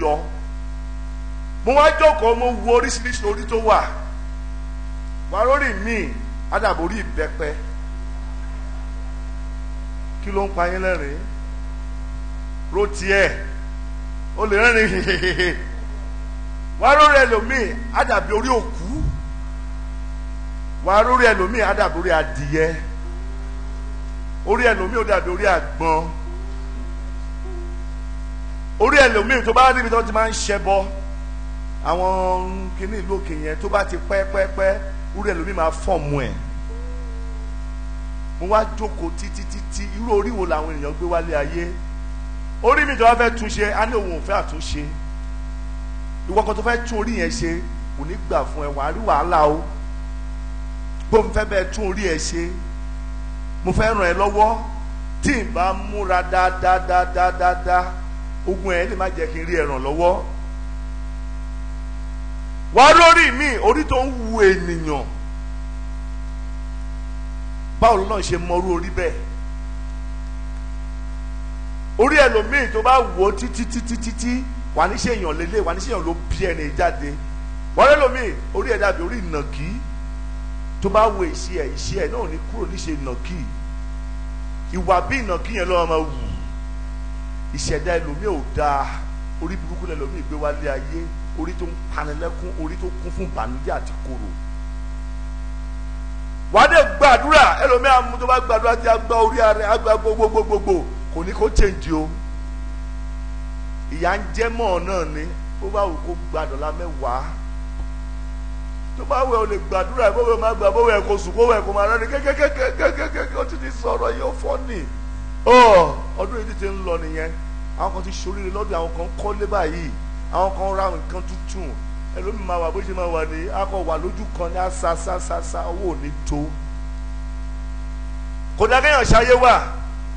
yọ mo wá jókòó mo wo oríṣiríṣi orí tó wà wà lórí mi adàbòrí ìbẹ́pẹ kí ló ń pa yín lẹ́rìn o lè rẹ́rìn wà lórí ẹlòmíì adàbí orí òkú wà lórí ẹlòmíì adàbí orí adìyẹ orí ẹlòmíì ó dàbí orí orí ẹlòmíì tó bá níbi tó ti máa ń ṣẹbọ àwọn kìnnì lókè yẹn tó bá ti pẹ́pẹ́pẹ́ orí ẹlòmíì máa fọ̀mù ẹ̀ mo wá jókòó títí títí irú orí wo làwọn èèyàn gbé wálé ayé orí mi tó bá fẹ́ túnṣe á ní òun ò fẹ́ àtúnṣe ìwọ kan tó fẹ́ tún orí yẹn ṣe kò ní gbà fún ẹ wàá rí wàhálà o bó ń fẹ́ bẹ́ẹ̀ tún orí ẹ ṣe mo fẹ́ ràn ẹ́ lọ́wọ́ tí ì bá múra dáadáa dáadáa dáadáa ogun ẹ̀ lè má jẹ́ kí n rí ẹ̀ràn lọ́wọ́ wá lórí mi orí tó ń wu ènìyàn báwo náà ṣe mọrú orí bẹ́ẹ̀ orí ẹlòmíì tó bá wò ó títí títí títí wà ní sèèyàn lélẹ̀ wà ní sèèyàn ló bí ẹni jáde wọ́n lẹ́lòmíì orí ẹ̀ dàbí orí ìnàkí tó bá wo ìṣe ẹ̀ ìṣe ẹ̀ náà ní kúrò níṣe ìnàkí ìwà bí ìnàkí yẹn lọ́wọ́ máa wù ìṣẹ̀dá ẹlòmíì ò dáa orí burúkú lẹlòmíì gbé wálé ayé orí tó ń panilẹ́kún orí tó kún fún bànújẹ́ àti korò wàdé gbàdúrà ẹlòmíì àmú bá gbàdúrà tí a gba orí ara a gba gbogbogbogbogbò kò ní kó chèǹdì o ìyá ń jẹ́ mọ́ náà ni ó bá wù kó gbàdọ̀lá mẹ́wàá tó bá wẹ̀ o lè gbàdúrà bó wẹ̀ má gbà bó wẹ̀ kó sùn kó wẹ̀ kó má rẹ́ni kékékékékékéké ó ti àwọn kan ti ṣoríire lọ́dọ̀ àwọn kan kọ́lé báyìí àwọn kan ra nǹkan tuntun ẹlòmíì máa wà bó ṣe máa wà ní akọ wà lójú kan ní asasasasa owó ò ní tó kódà kéèyàn ṣayé wà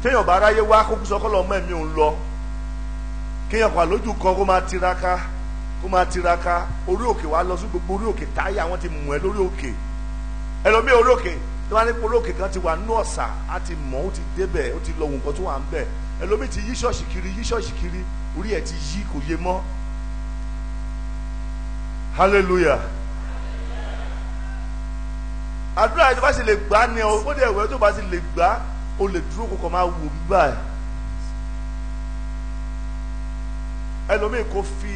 kéèyàn bá aráyé wá kó sọ kọ́ lọ́mọ ẹ̀mí òun lọ kéèyàn wà lójú kan kó máa tiraka kó máa tiraka orí òkè wà lọ sí gbogbo orí òkè táyà wọn ti mú ẹ lórí òkè ẹlòmíì orí òkè tí wọn á ní orí òkè kan ti wà ní ọ̀sà á ti mọ̀ ó ti débẹ̀ ó ti lọ wù nǹkan tó wà ń bẹ̀ ẹlòmí ti yí ṣọ́ọ̀ṣì kiri yí ṣọ́ọ̀ṣì kiri orí ẹ̀ ti yí kò yé mọ́ hallelujah àdúrà tó bá sì lè gbà ni ọ bó dé ẹ̀wẹ̀ tó bá sì lè gbà ó lè dúró kó kàn máa wò mí báyìí ẹlòmíì kò fi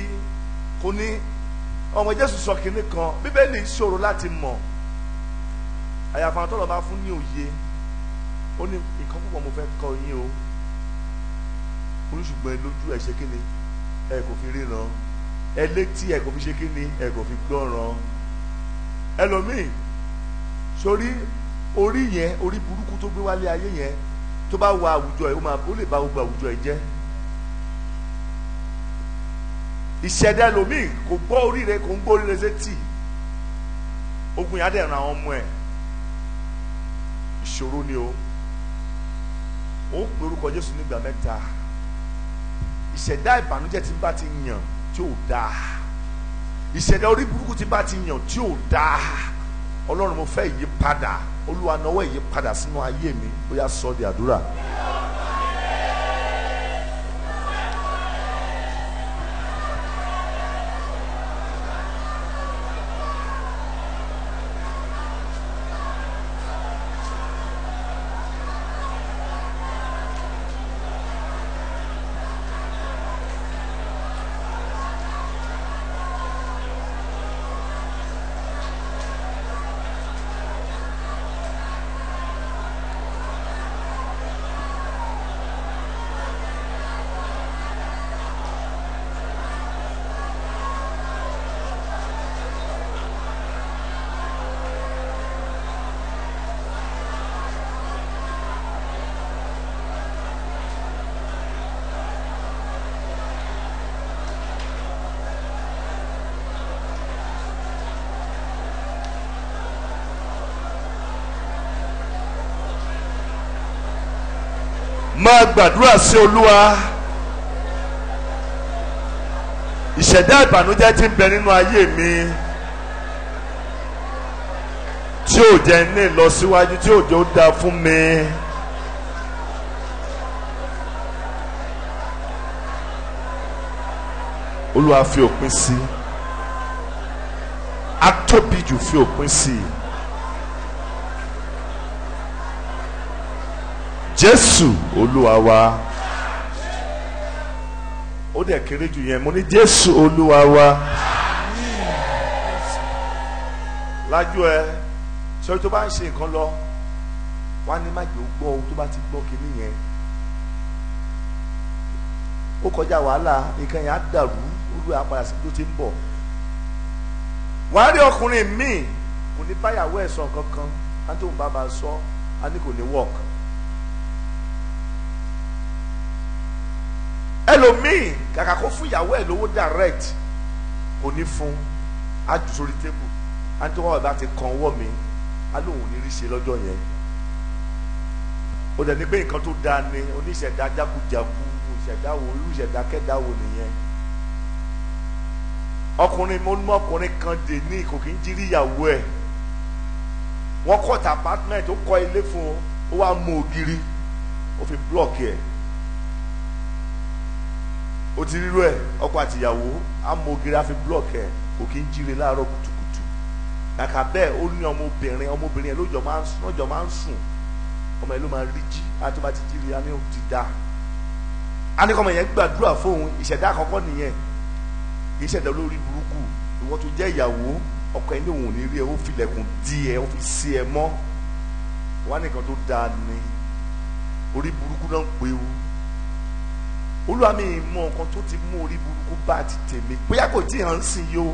kò ní ọmọ Jésù sọ kínní kan Bíbélì ṣòro láti mọ̀ àyàfà tọ́lọ̀ bá fún ní òye ó ní nǹkan púpọ̀ mo fẹ́ kọ́ yín o ní ṣùgbọ́n lójú ẹ̀ ṣe kí ni ẹ kò fi ríran ẹ létí ẹ kò fi ṣe kí ni ẹ kò fi gbọ́ràn ẹlòmíì sórí orí yẹn orí burúkú tó gbé wálé ayé yẹn tó bá wọ àwùjọ ẹ ó lè bà gbogbo àwùjọ ẹ jẹ́ ìṣẹ̀dá ẹlòmíì kò gbọ́ orí rẹ kò ń gbọ́ orí rẹ sétí ogun yàrá dẹ̀ àwọn ọmọ ẹ̀ ìṣòro ni o ó pe orúkọ Jésù nígbà mẹ́ta ìṣẹ̀dá ìbànújẹ́ tí bá ti yàn tí ò dáa ìṣẹ̀dá orí burúkú tí bá ti yàn tí ò dáa ọlọ́run mo fẹ́ yí padà olúwa náwó yí padà sínú ayé mi ó yá sọ di àdúrà. Yeah. máa gbàdúrà sí olúwa ìṣẹ̀dá ìbànújẹ́ ti ń bẹ nínú ayé mi tí ò jẹ́ ní ìlọsíwájú tí òjò dáa fún mi. olúwa fi òpin sí i atóbi jù fi òpin sí i. jésù olúwa wa ó dẹ̀ kéré jù yẹn mo ní jésù olúwa wa lájú ẹ sọ tó bá ń ṣe nǹkan lọ wá ní má jẹ́ ó ohun tó bá ti gbọ́ kínní yẹn ó kọjá wàhálà nǹkan yẹn á dàrú olúwa apàdà sí ló ti ń bọ̀ wàá rí ọkùnrin míì kò ní báyàwó ẹ̀ sọ nǹkan kan á tóun bá ba sọ á ní kò ní wọ̀ọ̀kan. ẹlòmíì kàkà kó fún ìyàwó ẹ lówó direct kò ní fún ájú sórí tébù àti wọn bá ti kan ọwọ́ mi á lóun ò ní rí ṣe lọ́jọ́ yẹn o dẹ̀ ní pé nǹkan tó dáa ni oníṣẹ̀dá jákujàku ìṣẹ̀dá wo irú ìṣẹ̀dá kẹ́dá wo nìyẹn ọkùnrin mo ní ọkùnrin kan dè ní kò ń jírí ìyàwó ẹ̀ wọ́n kọ́ ta apartment ó kọ́ ilé fún un ó wá mú ògiri ó fi blọ́ọ̀kì ẹ̀ o ti rírọ ẹ ọkọ àtìyàwó amògiri àfi blọọkì ẹ kò kí ń jíire láàárọ̀ kùtùkùtù kàkà bẹ́ẹ̀ ó ní ọmọbìnrin ọmọbìnrin ẹ lójọ máa ń sùn lójọ máa ń sùn ọmọ ẹ ló máa rí jí àti bá ti jíire àmì òun ti dá anikọmọ yẹn gbàdúrà fóun ìṣẹ̀dá àkọ́kọ́ nìyẹn kì olórí burúkú ìwọ tó jẹ́ ìyàwó ọkọ ẹ ní ní rí ẹ ó filẹ̀kùn dí ẹ ó fi sí ẹ mọ́ wọn nìkan tó dáa ni orí burúkú náà pé o olúwa mi mọ nǹkan tó ti mú orí burúkú bá ti tèmi bóyá kò tí hàn sí yìí o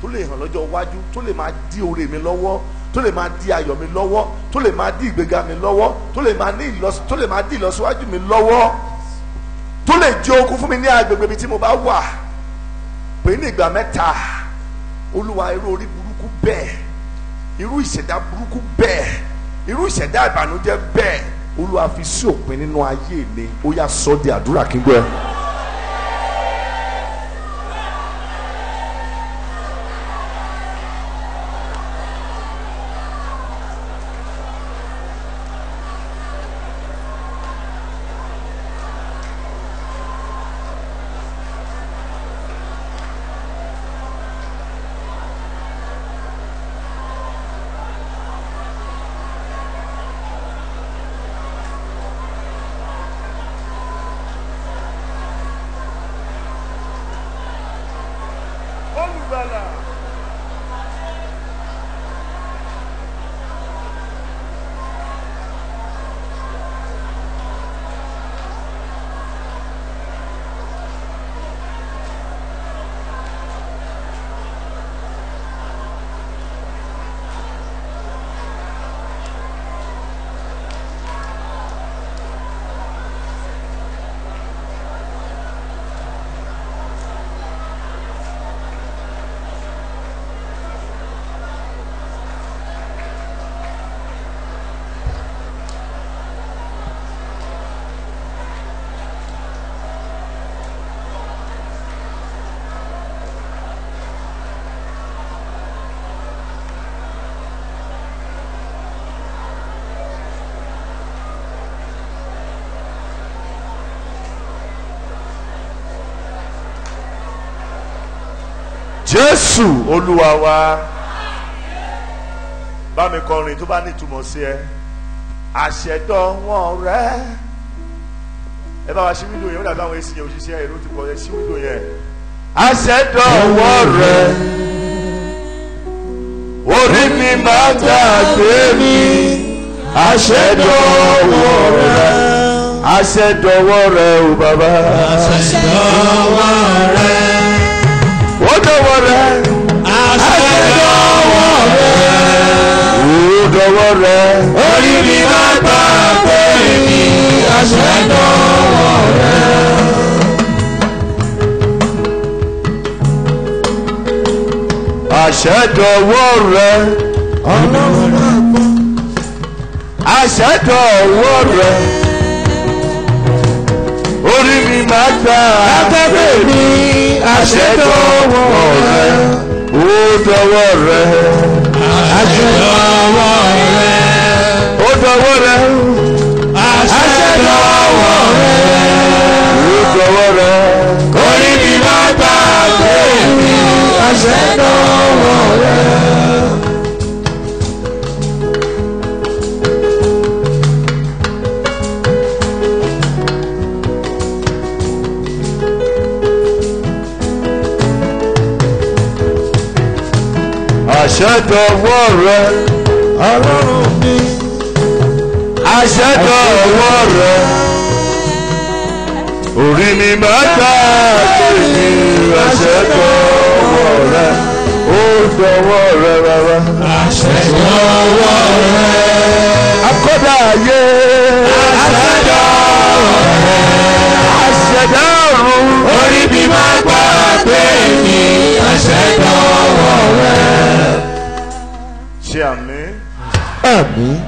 tó lè hàn lọ́jọ́ iwájú tó lè máa dí oore mi lọ́wọ́ tó lè máa dí ayọ̀ mi lọ́wọ́ tó lè máa dí ìgbéga mi lọ́wọ́ tó lè máa ní ìlọsí tó lè máa dí ìlọsíwájú mi lọ́wọ́ tó lè jẹ okun fún mi ní agbègbè mi tí mo bá wà pé ní ìgbà mẹ́ta olúwa irú orí burúkú bẹ́ẹ̀ irú ìṣẹ̀dá burúkú bẹ́ẹ̀ irú ìṣẹ̀dá ìbànújẹ́ bẹ́ẹ̀ olúwa fi sí òpin nínú ayé mi ó yá sọ di àdúrà kí jésù olúwa wa bá mi kọrin tó bá nítumọ̀ sí ẹ àṣẹdọ̀ wọn rẹ ẹ bá wa ṣí wíńdò yẹn ó dàbí àwọn èsì yẹn òṣìṣẹ́ èrò ti kọ ẹ ṣí wíńdò yẹn àṣẹdọ̀ wọn rẹ orí mi máa gbàgbé mi àṣẹdọ̀ wọn rẹ àṣẹdọ̀ wọn rẹ o bàbá àṣẹdọ̀ wọn rẹ dọwọ́ rẹ. àṣẹ dọwọ́ rẹ. owó dọwọ́ rẹ. orí mi máa gbà pé mi àṣẹ dọwọ́ rẹ. àṣẹ dọwọ́ rẹ. ọlọ́run náà gbọ́. àṣẹ dọwọ́ rẹ máa gbà. Látàgbé mi, àṣetọ̀ wọ̀ rẹ̀, ó dọwọ́ rẹ̀. rẹ ọlọ́run mi àṣẹjọ ọwọ́ rẹ orí mi máa ta kiri àṣẹjọ ọwọ́ rẹ ó dọwọ́ rẹ bàbá àṣẹjọ ọwọ́ rẹ akọ́dà ayé. àmín.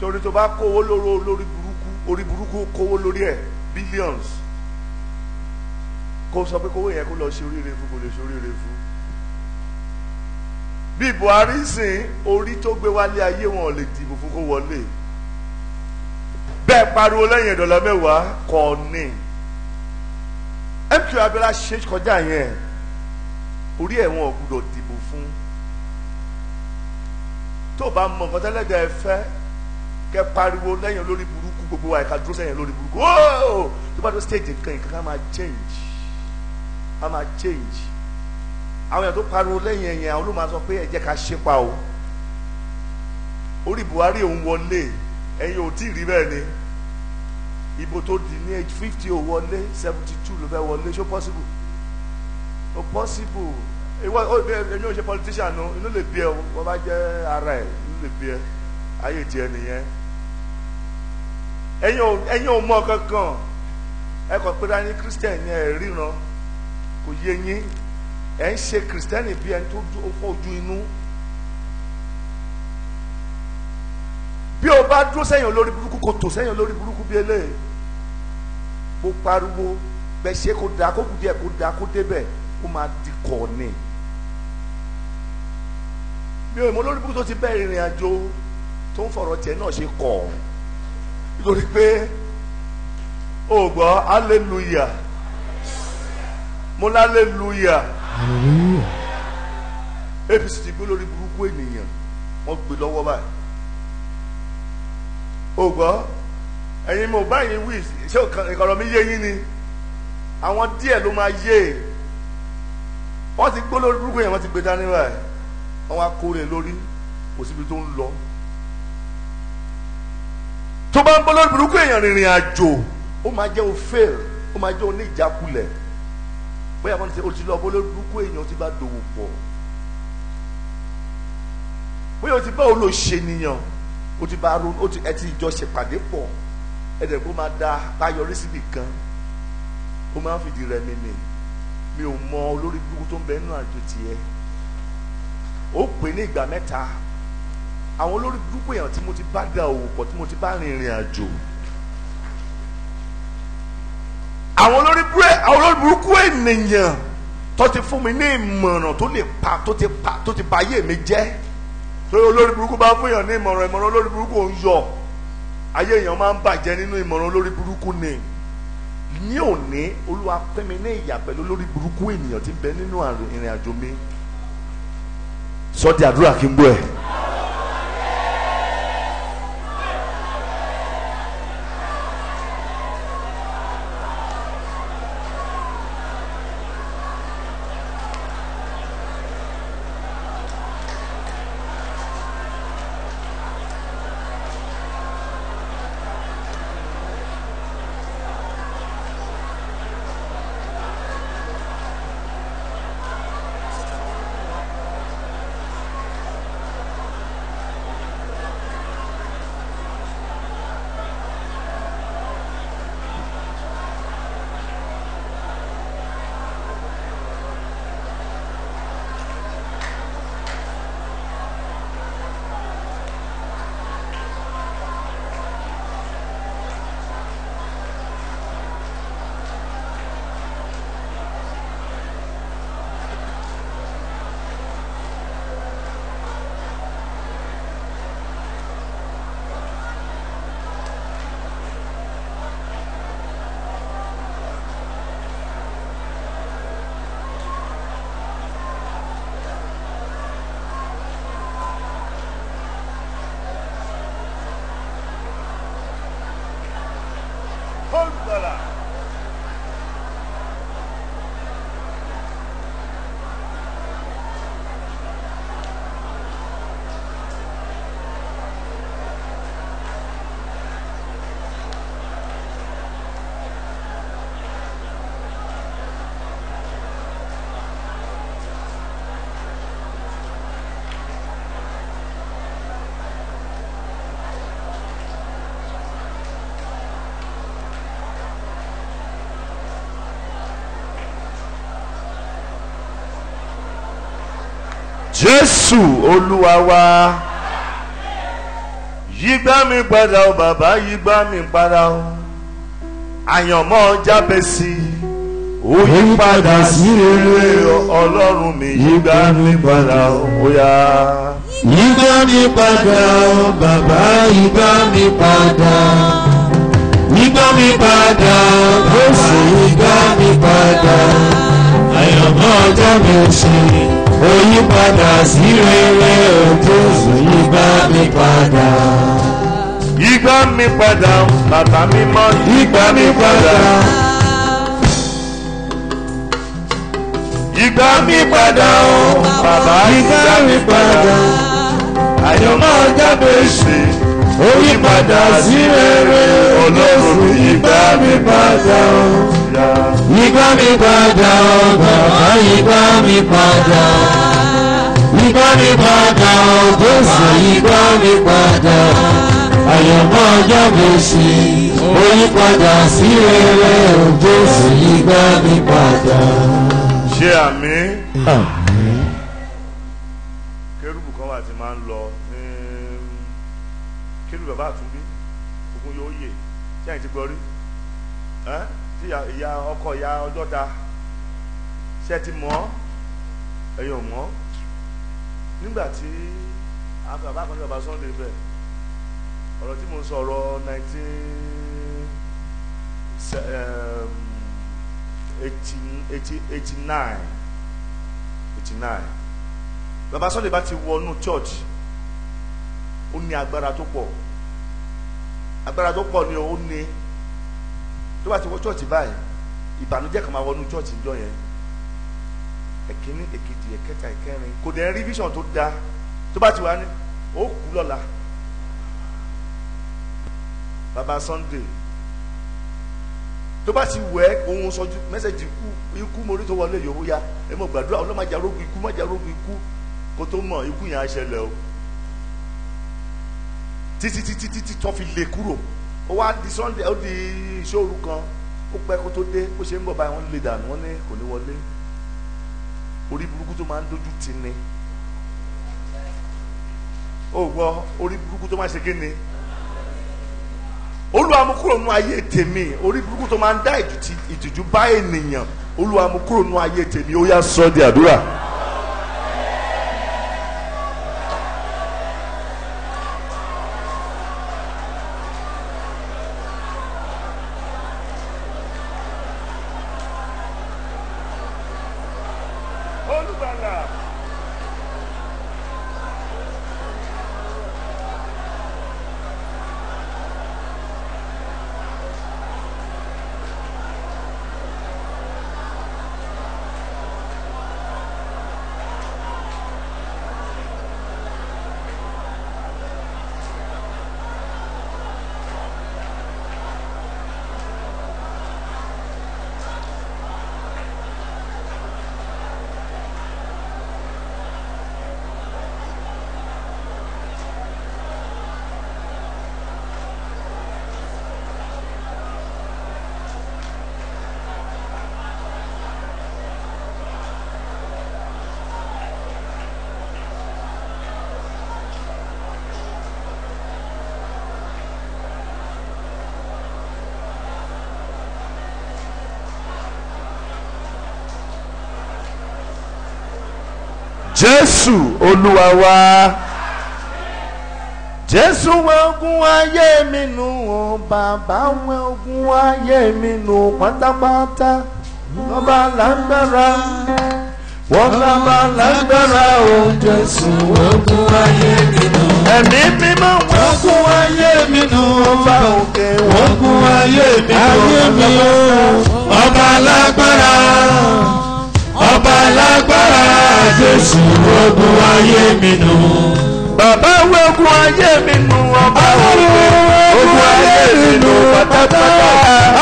sori tó bá kówó lóró lórí burúkú orí burúkú kówó lórí ẹ billions kó sọ pé kówó yẹn kó lọ ṣe oríire fún kó lè ṣe oríire fún bí Buhari sìn orí tó gbé wálé ayé wọn lè dìbò fún kó wọlé bẹ́ẹ̀ pariwo lẹ́yìn ìdọ̀lá mẹ́wàá kọ́ ni mq abiola ṣe kọjá yẹn orí ẹ̀ wọn ò gbúdọ̀ dé tó o bá mọ nǹkan tẹ́lẹ̀dẹ̀ fẹ́ kẹ́ pariwo lẹ́yìn olórí burúkú gbogbo wa ìka dúró lẹ́yìn olórí burúkú ooo tó bá tó stage nǹkan nǹkan ká máa change ká máa change àwọn èèyàn tó pariwo lẹ́yìn ẹ̀yìn àwọn olóòmà sọ pé ẹ jẹ́ ká ṣe pa o orí Buhari òun wọlé ẹ̀yin ò tí ì rí bẹ́ẹ̀ ni ìbò tó di ní age fifty ò wọlé seventy two ló fẹ́ wọlé ṣó possible ó possible ìwọ èmi ò ṣe politician nu inú lè bí ẹ o wọ́n bá jẹ́ ara ẹ̀ inú lè bí ẹ ayé tiẹ̀ nìyẹn ẹ̀yin ò mọ̀ kankan ẹ kàn pé dání christian yẹn ẹ̀ ríran kò yé yín ẹ̀ ń ṣe kristẹni bí ẹni tó fọ́ ojú inú. bí o bá dúró sẹ́yìn olórí burúkú kò tò sẹ́yìn olórí burúkú bí eléyìí mo pariwo bẹ́ẹ̀ ṣe kó da kó kù díẹ̀ kó da kó débẹ̀ kó máa di kọ̀ ni mi ò mọ lórí búkú tó ti bẹ́ẹ̀ ìrìn àjò tó ń fọ̀rọ̀ tiẹ̀ náà ṣe kọ̀ nítorí pé o gbọ́ hallelujah mo ní hallelujah apc ti gbé lórí burúkú ènìyàn wọ́n gbé lọ́wọ́ báyìí o gbọ́ ẹ̀yin mo báyìí wí ṣé ìkọ̀rọ̀ mi yé yín ni àwọn díẹ̀ ló máa yé wọ́n ti gbé lórí burúkú yẹn wọ́n ti gbé dání báyìí wọn á kórè lórí kò síbi tó ń lọ tó bá ń bọ́ lórí burúkú èèyàn rìnrìn àjò ó máa jẹ́ òfèèrè ó máa jẹ́ oníjàkulẹ̀ bóyá wọn ti olùsílọ bọ́ lórí burúkú èèyàn ti bá dòwò pọ̀ bóyá o ti bá olóṣèníyàn o ti bá ronú o ti ẹ ti jọ ṣèpàdé pọ̀ ẹ̀dẹ̀ kó máa da báyọrí síbì kan ó máa ń fìdí rẹmi ni mi ò mọ olórí burúkú tó ń bẹ nínú àjò tiẹ̀ ó pè ní ìgbà mẹ́ta àwọn olórí dúpọ̀ èèyàn tí mo ti bá da òwò pọ̀ tí mo ti bá rin ìrìn àjò àwọn olórí búrẹ́ àwọn olórí burúkú ènìyàn tó ti fún mi ní ìmọ̀ràn tó lè pa tó ti pa tó ti báyé mi jẹ́ lórí olórí burúkú bá fún èèyàn ní ìmọ̀ràn ìmọ̀ràn olórí burúkú ò ń yọ ayé èèyàn máa ń bàjẹ́ nínú ìmọ̀ràn olórí burúkú ni ní òní olúwa pín mi ní ìyà pẹ̀lú olórí burúkú ènìyàn tí ń bẹ nínú ìrìn àjò mi sọ́ọ́dì àdúrà kí n gbọ́ ẹ̀ jésù olúwa wa yígbá mi padà o bàbá yígbá mi padà o àyànmọ́ Jábésì ó yí padà sí rere ọlọ́run mi yígbá mi padà o yá. yígbá mi padà o bàbá yígbá mi padà yígbá mi padà bàbá yígbá mi padà àyànmọ́ Jábésì. Oyí padà sí rere o Jésù yí bá mi padà. Yígbá mi padà bàbá mi mọ́ yígbá mi padà. Yígbá mi padà o bàbá yígbá mi padà. Àyọ̀mọ́ jáde ṣe ó yí padà sí rere olóòfù ìgbà mi padà o. ìgbà mi padà o bàbá ìgbà mi padà o. ìgbà mi padà o bẹ́sà ìgbà mi padà o. àyànmọ́ ọjọ́ gbèsè ó yí padà sí rere olóòfù ìgbà mi padà o. ṣé àmín. àmín. bàbá àtúnbí ogun yóò yè sẹ́yìn ti gbọ́ rí tí ìyá ọkọ ìyá ọjọ́ta ṣe ti mọ̀ ẹ̀yin ò mọ̀ nígbà tí bàbá kan ní bàbá Sunday bẹ́ẹ̀ ọ̀rọ̀ tí mo sọ ọ̀rọ̀ nineteen bàbá Sunday bá ti wọnú church ó ní agbára tó pọ̀ agbára tó pọ̀ ni òun ni tó bá ti wọ chọ́ọ̀chì báyìí ìbànújẹ́ kan máa wọnú chọ́ọ̀chì ńjọ yẹn ẹ̀kíní èkejì ẹ̀kẹta ẹ̀kẹrin kò dẹ̀ rí vision tó dáa tó bá ti wà ní ó kú lọ́la baba Sunday tó bá ti wẹ̀ ohun sọjú mẹ́sẹ̀jì ikú ikú morí tó wọlé yòówó ya ẹ mọ̀ gbàdúrà ọlọ́mọdé arógun ikú mọ̀jà arógun ikú kó tó mọ̀ ikú yẹn á ṣẹlẹ̀ o títí títí títí tó fi lè kúrò ó wá di sunday ó di ìṣòro kan ó pẹ́ kó tó dé ó ṣe ń bọ̀ báyìí wọ́n lè dànù wọ́n ní kò ní wọlé orí burúkú tó máa ń dojú ti ni ó gbọ́ orí burúkú tó máa ń ṣe kí ni olúwa mú kúrò nínú ayé tèmi orí burúkú tó máa ń dá ìtìjú bá ènìyàn olúwa ayé tèmi ó yá sọ di àdúrà. jésù olúwa wa jésù wọn ogun ayé mi nù wọn bàbá wọn ogun ayé mi nù pátápátá lọ́ba lágbára wọ́n lábá lágbára o jésù wọ́n ayé mi nù. ẹ̀mí mímọ́ wọ́n kún ayé mi nù. ọba òkè wọ́n kún ayé mi nù. ayé ọba lágbára ọba lágbára jésù ogun ayé mi nù. bàbá wo ogun ayé mi nù ọba ogun ayé mi nù pátápátá.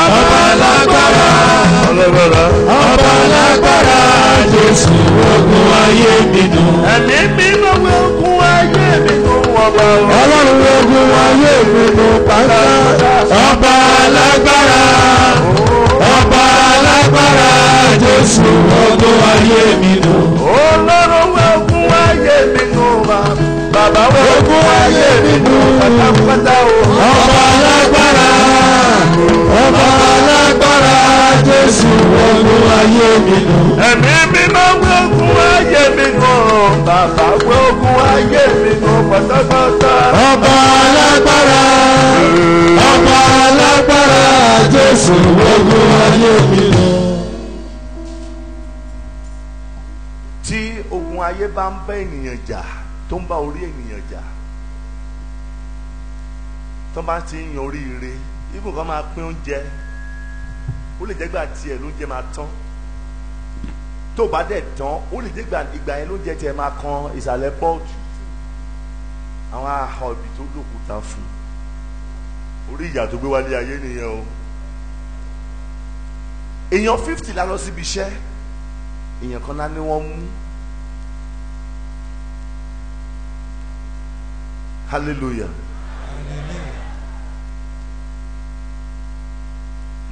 tí ogun ayé bá ń bá ènìyàn jà tó ń bá orí ènìyàn jà tó bá ti ń yan oríire ibùn kan máa pín oúnjẹ ó lè jẹ́ gbà tiẹ̀ lóúnjẹ máa tán tó bá dẹ̀ tán ó lè jẹ́ ìgbà yẹn lóúnjẹ tiẹ̀ máa kan ìsàlẹ̀ pọ́ọ̀tù àwọn aha ọ̀bì tó lòkúta fún orí ìyà tó gbé wálé ayé nìyẹn o èèyàn fifty la lọ síbi iṣẹ́ èèyàn kan náà ni wọ́n mú hallelujah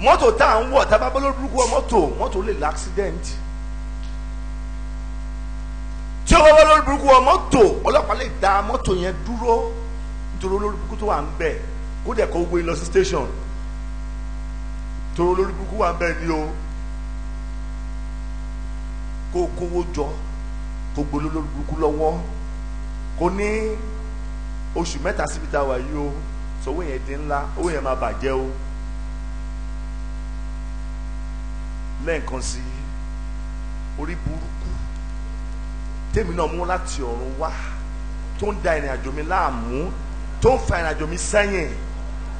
mọ́tò tá à ń wọ̀ tá a bá bọ́ lórí burúkú mọ́tò mọ́tò lè la accident tí ó bá bọ́ lórí burúkú mọ́tò ọlọ́pàá lè da mọ́tò yẹn dúró nítorí olórí burúkú tó wà ń bẹ̀ kó dẹ̀ kó gbé lọ sí station torí olórí burúkú wà ń bẹ̀ ni o kó kówó jọ kó gbolo lórúkú lọ́wọ́ kó ní oṣù mẹ́ta síbi tá a wà yìí o sọ owó yẹn di ńlá owó yẹn máa bàjẹ́ o lẹ́ẹ̀kan sí orí burúkú tèmi náà mú láti ọ̀run wá tó ń da ìrìn àjò mi láàmú tó ń fa ìrìn àjò mi sẹ́yìn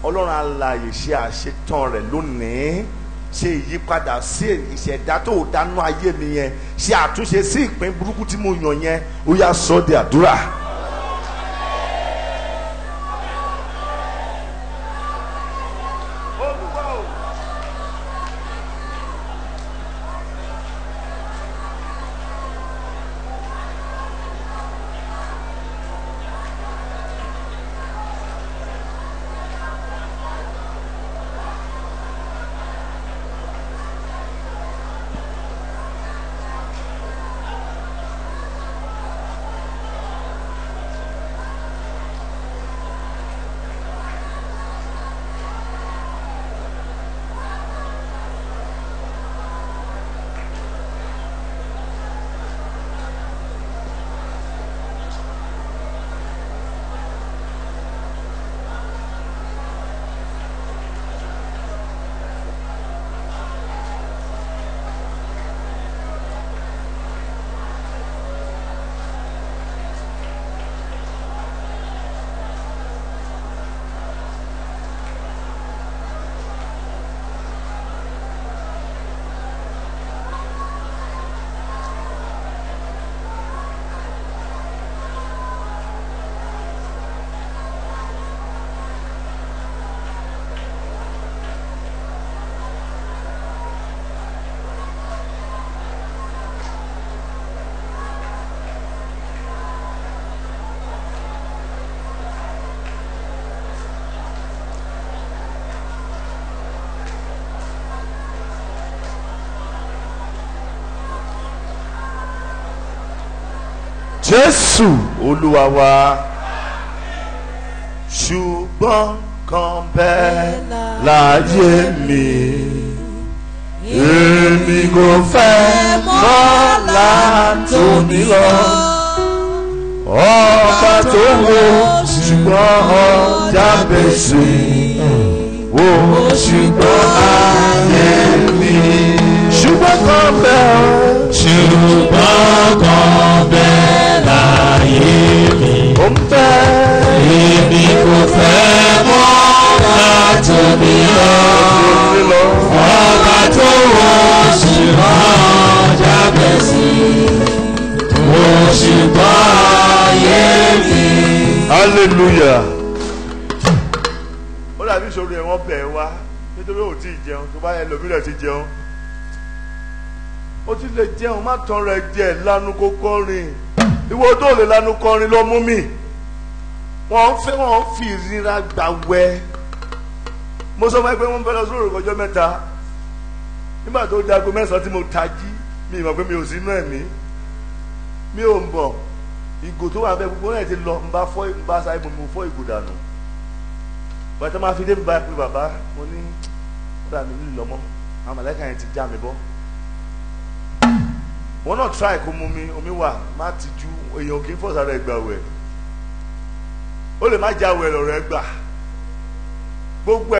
ọlọ́run alààyè ṣe àṣetán rẹ̀ lónìí ṣe ìyípadà sí ìṣẹ̀dá tó dánú ayé mi yẹn ṣe àtúnṣe sí ìpín burúkú tí mo yàn yẹn ó yá sọ di àdúrà. jésù olúwa wa ṣùgbọ́n kan bẹ́ẹ̀ láyé mi èmi kò fẹ́ mọ́lá tó ní lọ ọba tó wo ṣùgbọ́n ọjà bèsè wo ṣùgbọ́n ayé mi ṣùgbọ́n kan bẹ́ẹ̀ ṣùgbọ́n kan bẹ́ẹ̀. Ó Hallelujah. Ó dàbí ìṣòro ẹ̀ wọ́n bẹ̀ wá nítorí ò tí ì jẹun tó bá yẹ lómi rẹ̀ ti jẹun ó ti lè jẹun má tán rẹ̀ jẹ lánú kó kọrin ìwọ tó lè lanu kọrin ló mú mi wọ́n fẹ́ wọ́n fi ìrira gbà wẹ̀ mo sọ fún ẹ pé wọ́n fẹ́ lọ sórí ìkọjọ́ mẹ́ta nígbà tó di aago mẹ́sàn-án tí mo tají mi ìmọ̀ pé mi ò sí inú ẹ̀mí mi ò ń bọ̀ ìgò tó wà bẹ́ẹ̀ gbogbo náà ti lọ ń bá fọ́ ń bá sáyé mo mo fọ́ ìgò dànù bàtà máa fi dé bá pé bàbá mo ní ó dà mí nílùú lọ́mọ́ àwọn mọ̀lẹ́kà yẹn ti já mi bọ́ wọn náà try kó mu mi omi wà má ti ju èèyàn kì í fọ́ sára ẹgbà wẹ̀ ó lè má já wẹ̀ lọ́rọ̀ ẹgbà gbogbo